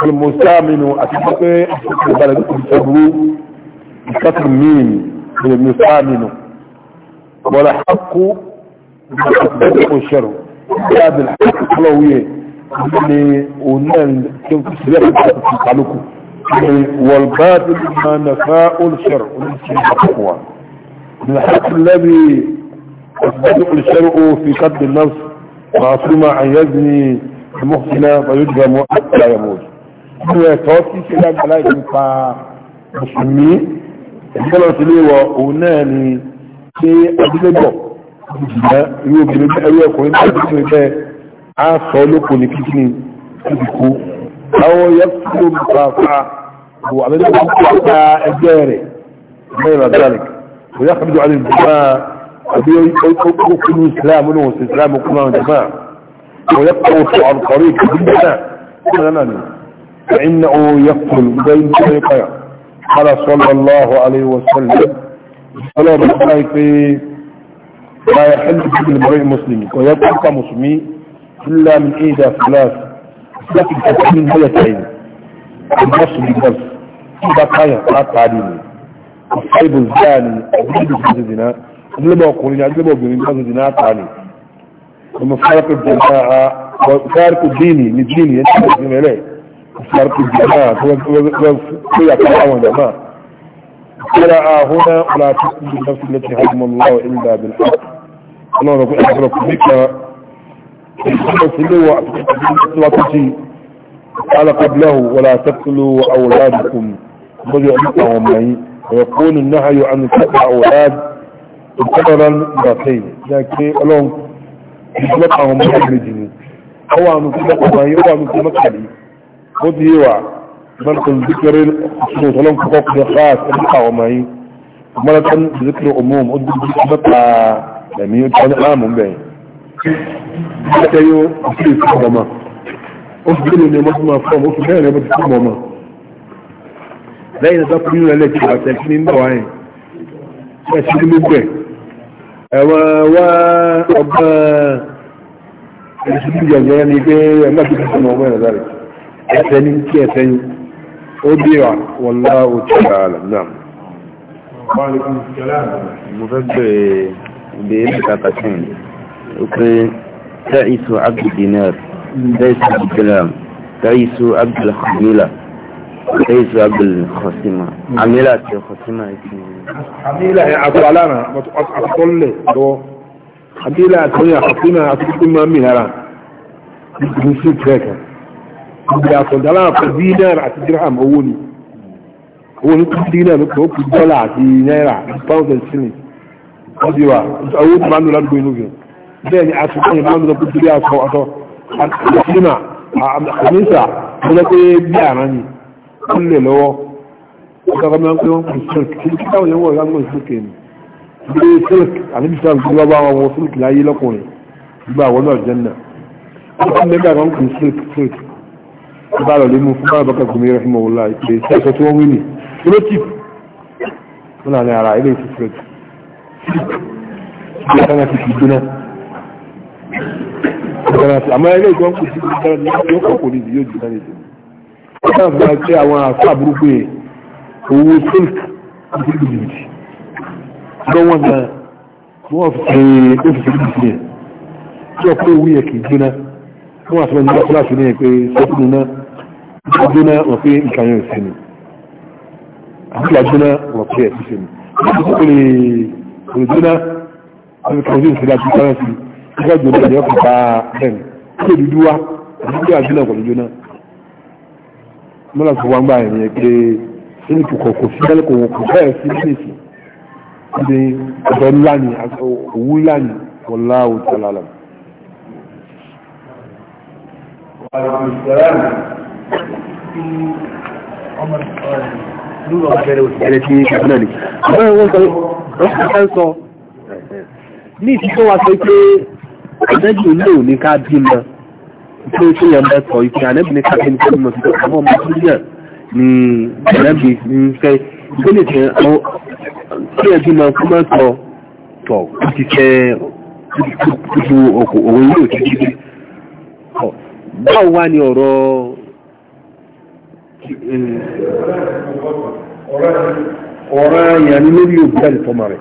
A: المستعمل أتفقه البلد الجبر بكثر مين من المستعمل ولا حق بدأ الشر هذا الحق الحلوية اللي ونال كيف تسلح تتعلقه
B: والباطل ما نفاء
A: الشر من الحق الذي أثبته الشرع في قد النفس معصومة أن يزني المحسنة فيجرم حتى يموت ní ẹ̀tọ́ tí ṣe lágbàlá ìdípa mùsùlùmí ìjọba ti lé wọ òun náà ni ṣé adúlébọ̀ ìjìnà irú obìnrin bẹ́ẹ̀ irú ọkùnrin bẹ́ẹ̀ tó ṣe bẹ́ẹ̀ á sọ lóko ní kíkíní níbi kú àwọn yẹ kí ló mú pa pa wò àbẹ́lẹ́kọ̀ọ́ kó pa ẹgbẹ́ rẹ̀ bẹ́ẹ̀ rà dálẹ̀ kò yá kábíyọ̀ alẹ́ ìjọba àbí ó kúrú ní òun sì ìsìlámù kúrú àwọn jàmáà kò yẹ kó tó àrùkọ̀rí ìkàdí náà náà nìyẹn فإنه يقتل بين طريقه قال صلى الله عليه وسلم صلى الله عليه وسلم لا يحل في المرئ المسلم ويبقى مسلمي إلا من إيدا ثلاث لكن تكون ملتين النص بالنص إذا كان قرأت عليني الصيب الزاني أبيد الزنا أبلما أقولين أبلما أقولين هذا الزنا تعالي ومفارق الجماعة وفارق الديني من ديني ينتهي إليه فرق الجماعة ويقع وجماعة قرأ هنا ولا تسلم النفس التي هدم الله إلا بالحق الله نقول أحرق بك تسلوا قال قبله ولا تقتلوا أولادكم معي ويقول النهي عن قتل أولاد قدرا مرتين لكن لهم يطلقهم مجمدين هو عن قتل أولاد هو عن قتل قديوا ملك ذكر الخصوص لهم حقوق خاص ابقى ومعي ملك ذكر عموم ادب بقى لم يكن عام بين كيو في كما أفضل أن يمضم أفهم أفضل أن يمضم أفهم لا يتقلون لك وتكلم بوعين تكلم بوعين أما وأبا الحديد يعني كي أما تكلم بوعين ذلك أتنين كيتين أبيع والله تعالى نعم وعليكم السلام مفد بإلة قتين أكري تعيس عبد الدينار تعيس عبد الكلام تعيس عبد الخميلة تعيس عبد الخصيمة عميلات
B: الخصيمة
A: عميلة يا أطلالانا ما تقول لي دو خميلة يا خصيمة أطلالانا أطلالانا أطلالانا أطلالانا أطلالانا أطلالانا ìgbé àtọ̀dálà fún dinar àti dirham owó ni owó ní kún dinar ló kò kún dọ́là àti náírà pound and shilling wọ́n ti wà owó tó máa ń lò ládùúgbò inú gẹ̀ bẹ́ẹ̀ ni àsìkò yẹn máa ń lọ kúkú bí aṣọ ọ̀tọ̀ àtìmá àmìsà tó lọ pé bí àrán ni ó lè lọ́wọ́ ó kọ́kọ́ máa ń pè wọ́n kún silk kí ní káwọn yẹn wọ̀ lágbó silk yẹn bí silk àníbi sáà ń gbọ́ bá wọn láyé lọ́kùnrin gbà wọ́n náà jẹ́ náà ó kọ́ mẹ́ta kan kún silk silk bá lọ lé mú fún bá bàkà gùnmí rẹ̀ fún mọ̀wọ́lá ìpè sí ẹ̀sọ́ tí wọ́n wí ní fúlótìp wọn là ní ara ilé ìtì fúlótìp ìgbà kan láti fi gbóná àmọ́ ilé ìjọ ń kò sí ìgbà kan yóò kọ̀ kò ní ìdí yóò jùlọ nìyí wọ́n kàn fún wa pé àwọn àfáà burúkú yẹn owó silk àti jìbìtì lọ́wọ́ wọn náà wọ́n fi ṣe ọ́fíìsì jìbìtì yẹn tí wọ́n pé owó yẹn kì í gbóná wọ́n àti wọn ní wọ́n fúláṣí ní ẹ̀ pé sọ́kùnrin náà gbígbóná wọ̀ pé nǹkan yóò sí ni àbúlà gbóná wọ̀ pé ẹ̀sùn sí ni ó lè lè gbóná àti kan yóò sí láti sára sí nígbà gbóná ni wọ́n fi pa bẹ́ẹ̀ ni ó lè dúdú wá àbúlà gbóná kò lè gbóná mọ́lá tó wá ń gbà yẹn pé ẹni kò kò sí bẹ́ẹ̀ kò kò bẹ́ẹ̀ sí nísì ní ọ̀dọ́ ńlá ní ìtìkọ́ wa sọ pé àdẹ́bì lò ní ká bí mọ́ tí ó tíyàn bẹ́ sọ ìpín àdẹ́bì ní káàkiri tí mọ̀ sí ọmọ ọmọ tó yẹ̀ ní àdẹ́bì ní fẹ́ ìgbélè tí ó bí mọ́ ọ̀rọ̀ yẹn ni lórí òbí àti tọ́mà rẹ̀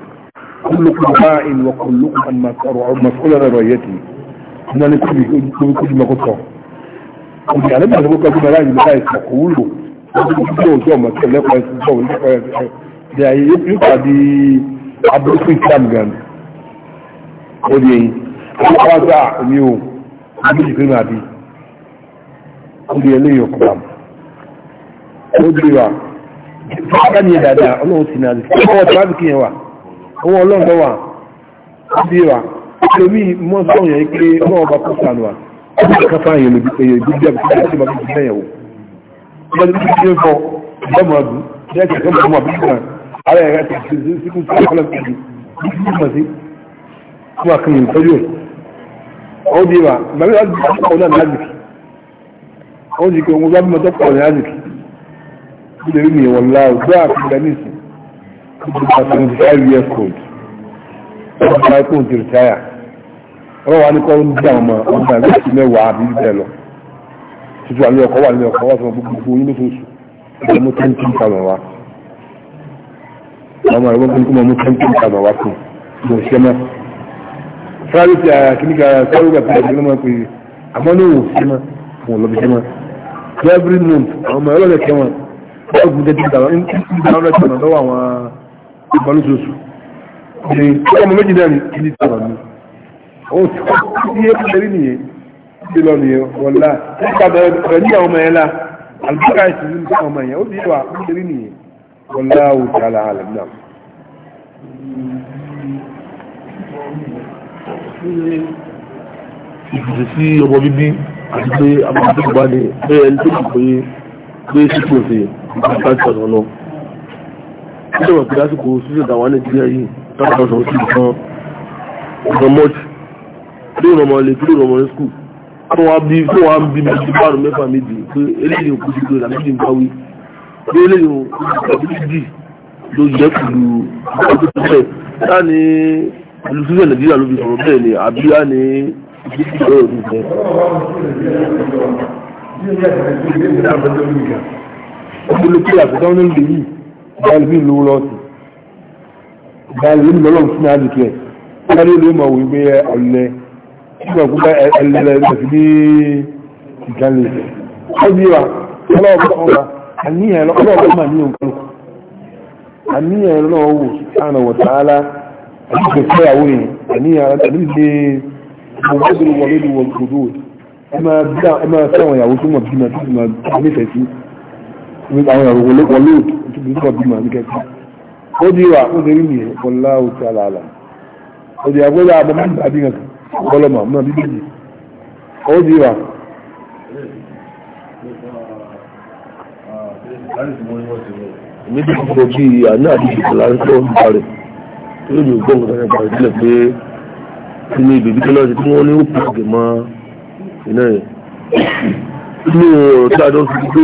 A: kúlùkùn bá ìlú ọkùnlùkùn àmàkọ́lọ̀ rẹ̀ rọ̀ yẹ ti ní wọn ni kúbi mọ́kọ́ sọ òbí àti tọ́mà kọ́ kí bàbá ìlú báyìí sọ̀kò wúlò ọdún ọjọ́ ọmọ tí ọlẹ́kọ̀ọ́ ẹ̀sìn sọ̀rọ̀ nípa ẹ̀sìn yóò pàdé abúrúkú islam gan ó di ẹ̀yìn àwọn ọjọ́ àmì ò àmì ìfẹ́ máa bí ó di ẹlẹ́yìn ọkùnrin lójúwa bá ní dáadáa ọlọ́run sì náà lè fọwọ́ tráfíkì yẹn wà owó ọlọ́run lọ́wà lójúwa lómi mọ́ sọ́run yẹn pé ọlọ́run bá kó sànù wa ọdún kẹfà yẹn lóbi pé yẹn gbígbé àbùkù àti ìmọ̀ bíbí bẹ́yẹn wò ọjọ́ ní bíbí ilé rí mi wọ̀lá ọjọ́ àti ìgbẹ́nìsì ìjọba seventy five years old ọjọ́ àti ìkóhùn ti rìtáyà ọlọ́wà ní kọ́ ń dá ọmọ ọmọ ẹgbẹ́ ti mẹ́wàá àbí bẹ́ẹ̀ lọ tuntun àlẹ́ ọkọ̀ wà nílẹ̀ ọkọ̀ wà sọ gbogbo yín lóṣooṣù ọmọ mú ten ten thousand wá ọmọ ẹgbẹ́ tó ń kọ́ mú ten ten thousand wá fún mo ṣe mọ́ fúráyé ti àyà kìnnìkà sárúgà tó ń bẹ̀rẹ̀ lọ́mọ pé àmọ́ ní òwò ṣe mọ́ òun lọ́bi ṣe mọ́ every month ọmọ ẹlọ́dẹ̀ kẹwọn ẹgbùn jẹ́ dídà lọ́wọ́ ìdáwọ́lẹ̀ tọ̀nà lọ́wọ́ àwọn ìbọlóṣooṣù ní ọmọ méjì náà ní ìdí tọ̀nà ní ó ti yé pẹ̀lú nìyẹn ti lọ nìyẹn wọ̀lá nípa bẹ̀rẹ̀ ní àwọn ọmọ yẹn la àlùbáká ìsìn ní àwọn ọmọ yẹn ó ti yé wa pẹ̀lú nìyẹn wọ̀lá ò ti àlà àlẹ̀ náà. ìfòsí sí ọmọ bíbí àti pé àbúrò tó bá ní bẹ́ẹ̀ ní tó kù pé pé sípò sí ìgbàgbàsọ̀ lọ́nà ìjọba pé lásìkò ṣíṣe ìdáwà nàìjíríà yìí tọ́lá ọ̀sán sí ìkan ọ̀sán mọ́ọ̀tì tí ìrọ̀ ọmọ ilé tí ìrọ̀ ọmọ ní skul tó wá bí tó wá ń bí méjì márùn mẹ́fà méjì pé eléyìí òkú ti gbèrà méjì ń bá wí pé eléyìí òkú ti gbèrà méjì ló yẹ kùlù ọ̀sẹ̀ tá ni olùsíṣẹ́ nàìjíríà ló fi sọ̀rọ̀ bẹ́ẹ̀ ni àbí á ní ìdíjì lọ́rọ̀ olùkí àtúntàn ní ìlú yìí ìdáyẹlú bí ìlú lọ́ọ̀tì ìdáyẹlú bí lọ́lọ́ fún mi àdìkẹ́ ìdáyẹlú ló mọ̀ wí pé ọ̀lẹ́ nígbà púpọ̀ ẹlẹ́lẹ́ lọ sí ní ìdálẹ̀ ó bí wa ọlọ́ọ̀bọ̀ ọba àníyàn ọlọ́ọ̀bọ̀ mà ní òkú àníyàn ọlọ́ọ̀wò sùkánà wọ̀tàálá àdìkẹ́ fẹ́yàwó yẹn àníyàn àdìkẹ́ ọgbọ́dọ̀ wọlé ni wọ́n gbọdọ̀ ẹ máa fẹ́ràn ìyàwó tó mọ̀ bí mà tó mọ̀ nífẹ̀ẹ́ sí nípa àwọn ọ̀rọ̀ wọlé wọlé òtútù nípa bímọ àbíkẹ́kẹ́ ó di wà ó ti rí mi ọlá òtí àlàálà ó di àgbẹ̀dẹ àbọ̀ mọ́ nípa bí kankan bọ́lọ́mọ náà bí bíjì ó di wà. èmi ti kọ́ bí àná àdìsí kò láńtọ́ ń parẹ́ tí ó ní kí lọ́sí tí wọ́n ní ó pàgẹ́ mọ́ iná inú ọ̀rọ̀ tí a jọ fi pé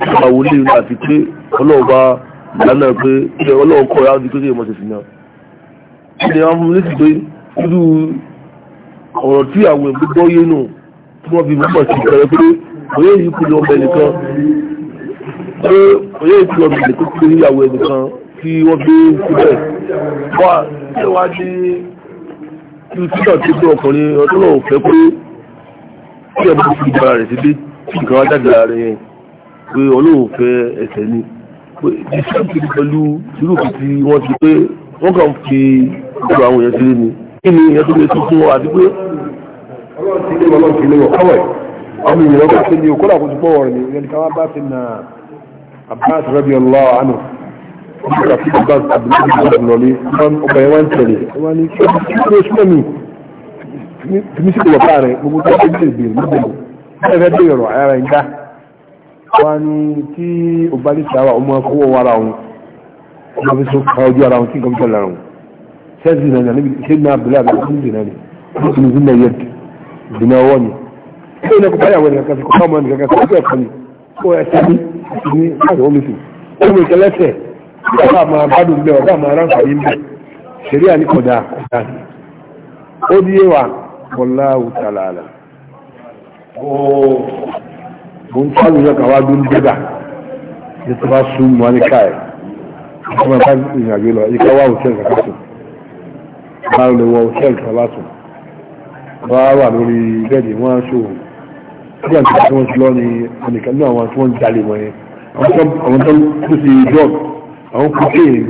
B: nípa wo lè náà
A: àti pé ọlọ́run bá lánàá pé ṣe ọlọ́run kọ́ ráàdì pé kéèyàn náà ṣe àwọn èèyàn gbọ́ pé tí wọ́n fi tí títà ọkùnrin ọdún náà fẹ́ pé kí ẹ̀ fi ìgbà rẹ̀ síbi tí nǹkan wá jáde rẹ̀ yẹn pé olóhùn fẹ́ ẹsẹ̀ ni pé ìṣẹ́jú pẹ̀lú irúfẹ́ tí wọ́n ti pé wọ́n kàn fi gbogbo àwọn èèyàn sílé ni kí ni ìyẹn tó lè tún fún wa àti pé. ọlọ́run ti lé wọn ti lé wọn káwọ̀ ẹ̀ ọmọ ìyẹn lọ́kọ̀ ṣe ni òkú làkó ti bọ̀wọ̀ rẹ̀ ni ìyẹn káwá Abbas radiyallahu anhu ọmọ ìyẹn kàfi Abbas abdulayi wá ń tẹ̀lé wọ́n ní kí ló ṣúlẹ̀ mi tìmísìkò lọ́kọ̀ rẹ̀ gbogbo tó ń bẹ̀rẹ̀ bẹ̀rẹ̀ nígbà wọ́n ní tí ó bá ní sàárà ọmọ akọwọ́ wára wọn ọmọ fi so ká ojú ara wọn tí nǹkan tẹ̀lé wọn sẹ́ẹ̀sì náà níbi ṣé ní abúlé àbí ọdún dìnnà ni ó sì ní sí náà yẹ ọwọ́ ni ó ní ọkọ̀ yàwó nìkan ọmọ nìkan kan kọ́ ẹ̀kọ́ ni ó ẹsẹ̀ ní ẹsẹ̀ ní láti wọ́n lùsùn ó mú ìkẹlẹ́sẹ̀ ọba àmà mo ń tọ́jú náà káwá dún débà ní tó bá sún mọ́ ní káyẹ̀ wọ́n máa bá ìrìn àjò lọ ikọ́ wá hòtẹ́ẹ̀lì kàkà sùn bá lè wọ hòtẹ́ẹ̀lì kan bá sùn bá wà lórí bẹ́ẹ̀dì wọ́n á sòwò nígbà tí wọ́n ti lọ ní ẹnìkan ní àwọn tí wọ́n ń jalè wọ̀nyẹn àwọn tó ń kú sí drug àwọn kú sí èyí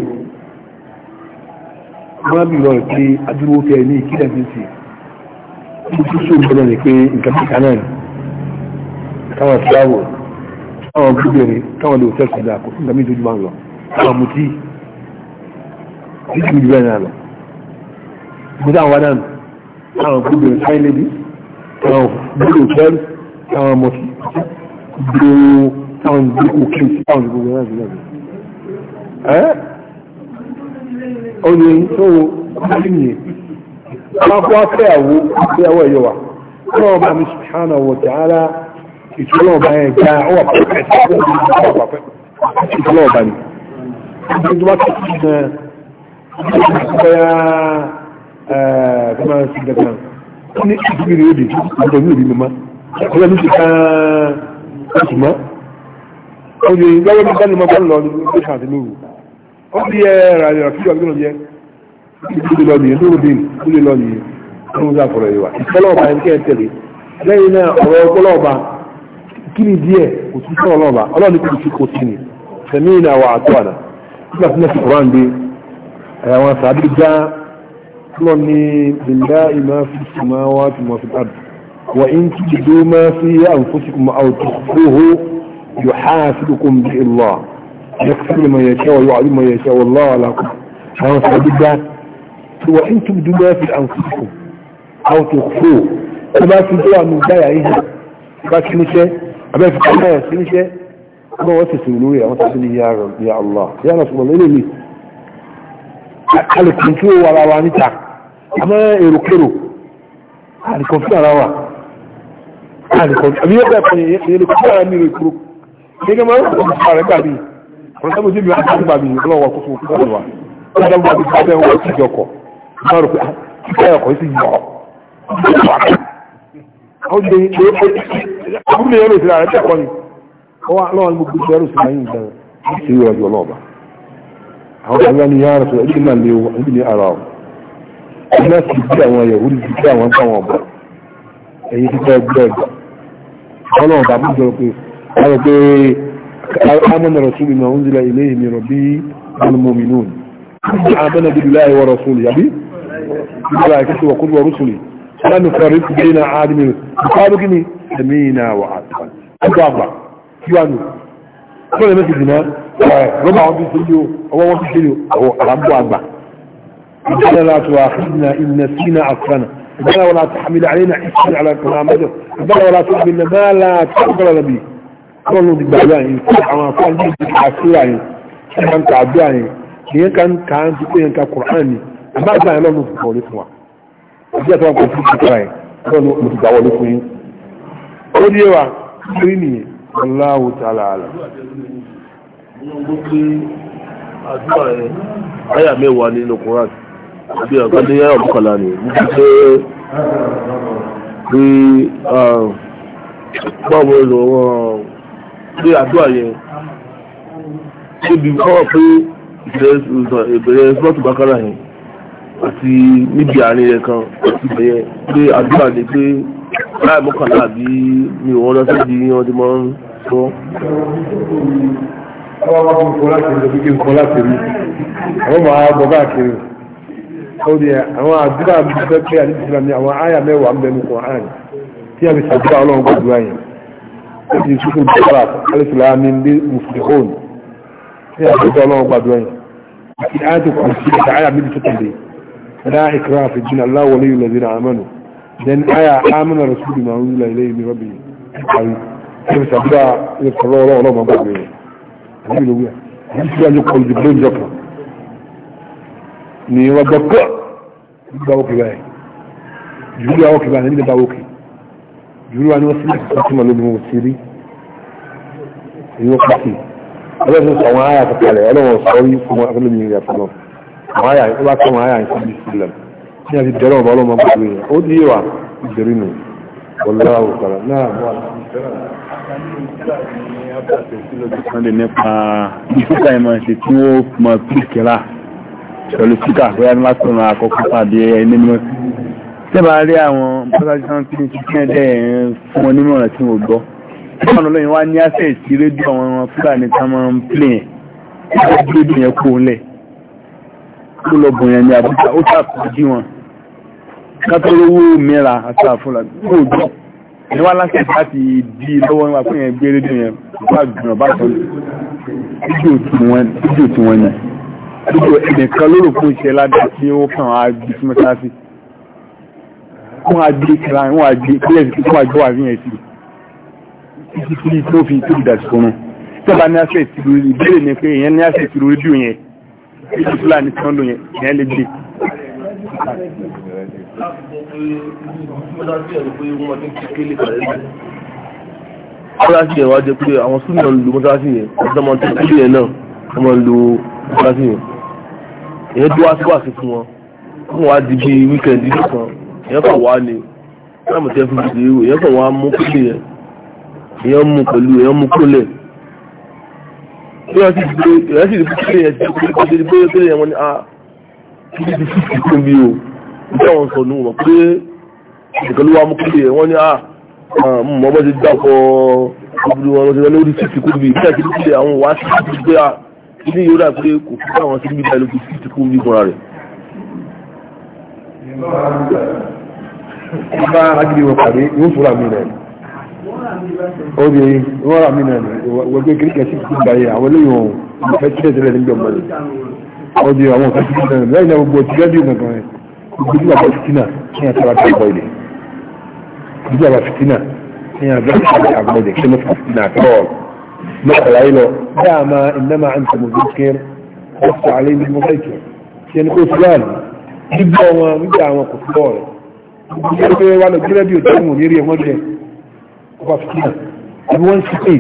A: wọ́n lọ pé adúró fẹ́ ní ìkílẹ̀ ti ń sè sóun gbọ́dọ̀ ní pé nǹkan kíkà náà ni káwọn fúláwọ̀ káwọn gbígbèrè káwọn lè òtẹ́sì ìdá kò fún gàmí ìjọba lọ káwọn mú tí títí mi jùlọ náà lọ mo dá àwọn adánu káwọn gbígbèrè sáyé lébi káwọn gbígbèrè òtẹ́lì káwọn mọ̀ sí gbígbèrè káwọn gbígbèrè òkè káwọn gbígbèrè náà sí lọ́dún. ẹ́ ọ̀nà tó wọ́n ní yẹn káwọn fún afẹ́ ìtọ́lọ̀ ọba ẹ̀ gba ọwà pẹ̀lú ìtọ́lọ̀ ọba ni ọdún tó bá ti kí ní ọ̀pẹ́yà ẹ̀ẹ́dẹ́gbẹ̀rẹ̀ sí gẹ̀gẹ̀rẹ̀ ní ìdílé rẹ̀ èdè ọdún ní ìdílé mọ́ ọdún ní ti ká oṣù mọ́ ọdún ní lọ́wọ́ ní bánu mọ́ bánu lọ ní oṣù àti lóru ó bí ẹ rà rẹ̀ kí ọdún lọ yẹ ìdílé lọ nìyẹn lóru dín ìdílé kíni díẹ̀ kò tún sọ̀rọ̀ lọ́ba ọlọ́run kò tún kò kíni sẹ́mi ìnà wà àtọ́ àdá nígbà tí nẹ́sì kọ́ra ń dé ẹ̀yà wọn sàbí já lọ́n ní bìndá ìmọ̀ fi sùnmọ́ wá tí wọ́n fi bá dùn wà ń tún ti dó máa fi àǹfọ̀sìkùmọ̀ àwùjọ fúhó yóò há sídùkùn bí ìlọ́ يكفر لما يشاء ويعلم ما يشاء والله على كل شيء فبدا وان تبدوا ما في انفسكم او تخفوه فما في دواء من داعي بس نشاء abẹ́ fi kọ́ náà sí iṣẹ́ ọmọ wọn ti sùn lórí àwọn tàbí ya rọ̀ ya Allah ya Rasulullah lórí mi alùpùpù tí ó wà ara wa níta àmọ́ èròkèrò àdìkan fún ara wa àdìkan àbí yóò bẹ̀rẹ̀ pẹ̀lú èròkèrò fún ara mi èròkèrò gẹ́gẹ́ máa ń sọ fún ara gbàgbé ọ̀rọ̀ sábà jẹ́ mi àti gbàgbé ọlọ́wọ́ kó fún òkúta wa ọlọ́dọ̀ gbàgbé fún abẹ́ wọn ti ó dé pé abúlé yẹn ló ti rà rẹ tẹ̀kọ́ ni ó wà lọ́wọ́ ní gbogbo ìṣẹ́rù sí láyé ìgbà sí ìwé ọjọ́ ọlọ́ọ̀bà àwọn ọ̀gá ni yára sọ ẹbí náà lé wọn ẹbí ní ara wọn ẹbí náà sì bí àwọn ẹ̀yẹ̀ wúlì sí àwọn ẹ̀kọ́ àwọn ọ̀bọ̀ ẹ̀yìn ti tẹ́ ẹgbẹ́ ẹ̀gbà ọlọ́run bàbá jọ pé ayọ̀ pé amọ̀nà rasúlì náà ń لا نفرق بين عالم مقابقني سمينا وعطفا أجابا كيوانو كل ما تجينا ربع عبد سيو أو وقت سيو أو ربو أجابا إننا لا تواخذنا إن نسينا عطفنا إننا ولا تحمل علينا إسان على كرامته إننا ولا تحملنا ما لا تقبل نبي قولوا دي بعدان إن كل عمافان دي بتحسياني كيان تعبياني كيان كان كان تكون كقرآني أما أجابا يلونو في قولي فوا àti àti wọn kò fún ìṣẹ́ kan náà ni mo ti gbà wọlé fún ó ní ẹwà kiri nìyẹn aláwo ta la àlà. àyà mẹ́wàá nínú Quran àbí ọ̀gá ní ẹ̀rọ ni mo ti ṣe pé báwo lọ wọn pé àdúrà yẹn ṣé bí wọ́n pé ìbẹ̀rẹ̀ ìbẹ̀rẹ̀ sọ́ọ̀tù yẹn àti níbi àárín rẹ̀ kan àti bẹ̀yẹ pé àdúrà ni pé láì mọ́kànlá àbí mi ò wọ́n lọ́sẹ̀ di wọ́n ti máa ń sọ. Àwọn ọmọ akọ̀kọ̀ kọ́ láti rí kí n kọ́ láti rí. Àwọn ọmọ àgbọ̀ káàkiri. Àwọn ni àwọn àdúrà mi fẹ́ pé àdúrà ìsìlá ni àwọn àyà mẹ́wàá ń bẹnu kan àrùn tí a fi ṣàdúrà ọlọ́run gbọ́dọ̀ àyè. Ó ti sùkú bàbá àlẹ́sìlá mi ń dé mùsùlùmí tí a fi ṣàdúrà ọlọ́run gbọ́dọ̀ àyè. Àti àyà tó kù sí àyà mi ti tó tẹ̀lé. لا إكراه في الدين الله ولي الذين آمنوا لأن آية آمن الرسول ما أنزل إليه من ربه كيف سبدا يذكر الله الله ما بعد به هذه لويا هذه أن يقول جبريل جفا ni wa bakka ba wuki bai juriya wuki ba ni da ba wuki juriya ni wasu da kuma lubu siri yi wa kafi
B: Allah sun sawa ya ta kale
A: Allah sun sauri kuma abin da ya fi wáyà ó bá kọ́ wáyà ìsinmi sílẹ̀ ní àti bẹ̀rẹ̀ ọ̀bá ọlọ́mọ bá lóye ó di ìwà ìbẹ̀rẹ̀ nù ọlọ́wà òkàrà náà wà Sunday nípa ìfúkà ìmọ̀ ṣe tí wọ́n mọ̀ pìkìlá pẹ̀lú síkà bóyá ní láti ọ̀nà àkọ́kọ́ tàbí ẹni mọ́ sí. Tẹ́bà rí àwọn pọ́sájúsán tí ó ti kí ẹ̀dẹ́ fún wọn nímọ̀ràn tí wọ́n gbọ́. Ìfọ̀nà lóyìn wá ní àṣẹ ìsí rédíò àwọn fúlàní tá máa ń pè é. Ó kó lọ bùn yẹn ní àbújá ó sàkójí wọn kátólówó mẹ́ra àti àfúnlá kó jọ ní wá láti láti di lọ́wọ́ nípa fún yẹn gbé rédíò yẹn bá gbìyànjú bá tọ́lú fídíò tí wọ́n
B: yẹn
A: fídíò ẹnìkan lóró fún iṣẹ́ ládà tí ó kàn á gbé sí mẹ́sáàsì wọ́n á gbé kíra wọ́n á gbé kílẹ̀ sí wọ́n á gbé wà ní ẹ̀ sí títí tí tó fi tóbi dàsí fún un tí wọ́n bá ní àṣẹ ìtìlú ìbéèrè ni pé èèyàn ní àṣẹ ìtìlú rédíò yẹn
B: ìlú fúlàní tí
A: wọ́n lò yẹn lè gbé. mọ́tàsí yẹn wá jẹ́ pé àwọn súnmọ́ ń lu mọ́tàsí yẹn ọjọ́ máa ń tẹ́ náà wọ́n máa ń lu mọ́tàsí yẹn. èyí tó wá sí wàásù fún wọn fún wa di bíi wíkẹ̀ndì nìkan èyí kan wá ni láàmú tẹ́ fún bìtì èyí kan wá mú kúlẹ̀ yẹn èyí mú pẹ̀lú èyí mú kúlẹ̀ bí wọ́n sì gbé ìrẹ́ sì rí bí kílé yẹn ti kúrò kó dédé bóyá kílé yẹn wọ́n ní a ah, kílé ti fi ah, ah, kún mi o nígbà wọn obìnrin wọ́n rà mí náà wọ́n gbé kíríkẹ́ sí ti gbàyè àwọn eléyìí wọn ò fẹ́ tílẹ̀ tẹ́lẹ̀ níbi ọmọ rẹ̀ ọdí àwọn òfẹ́ tílẹ̀ tẹ́lẹ̀ lẹ́yìn náà gbogbo ti gẹ́gẹ́ gangan rẹ̀
B: gbogbo ìgbà bá fitina
A: ní àtàrà tó àgbọ̀ ilẹ̀ gbogbo àbá fitina ní àtàrà tó àgbọ̀ ilẹ̀ kí ló fi fitina àtọ́ mọ́kànlá yìí lọ bẹ́ẹ̀ àmà ìnáma àǹtà ẹni kó fúlàní gbígbọ́ wọn gbígbà àwọn kò fúlọ̀ rẹ̀ gbígbà wọn lọ wọn ní rí ẹ̀wọ́n ọkọ̀ fìkìlà àbí wọ́n ń ṣe pé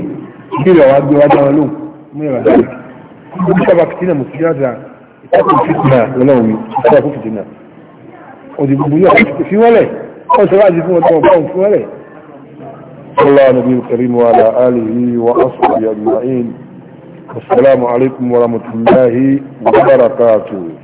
A: ìbéèrè àwọn agbé wájú àwọn lóhùn mú ìrà dáadáa kí wọ́n sábà fìkìlà mùsùlùmí àti ìtàkùn fìkìlà lọ́lọ́run mi ìtàkùn fún fìkìlà òdì gbogbo yóò fi wọ́lẹ̀ wọ́n sọ láti fún ọdún ọgbọ́n fi wọ́lẹ̀ الله نبي الكريم وعلى آله وأصحابه أجمعين والسلام عليكم ورحمة الله وبركاته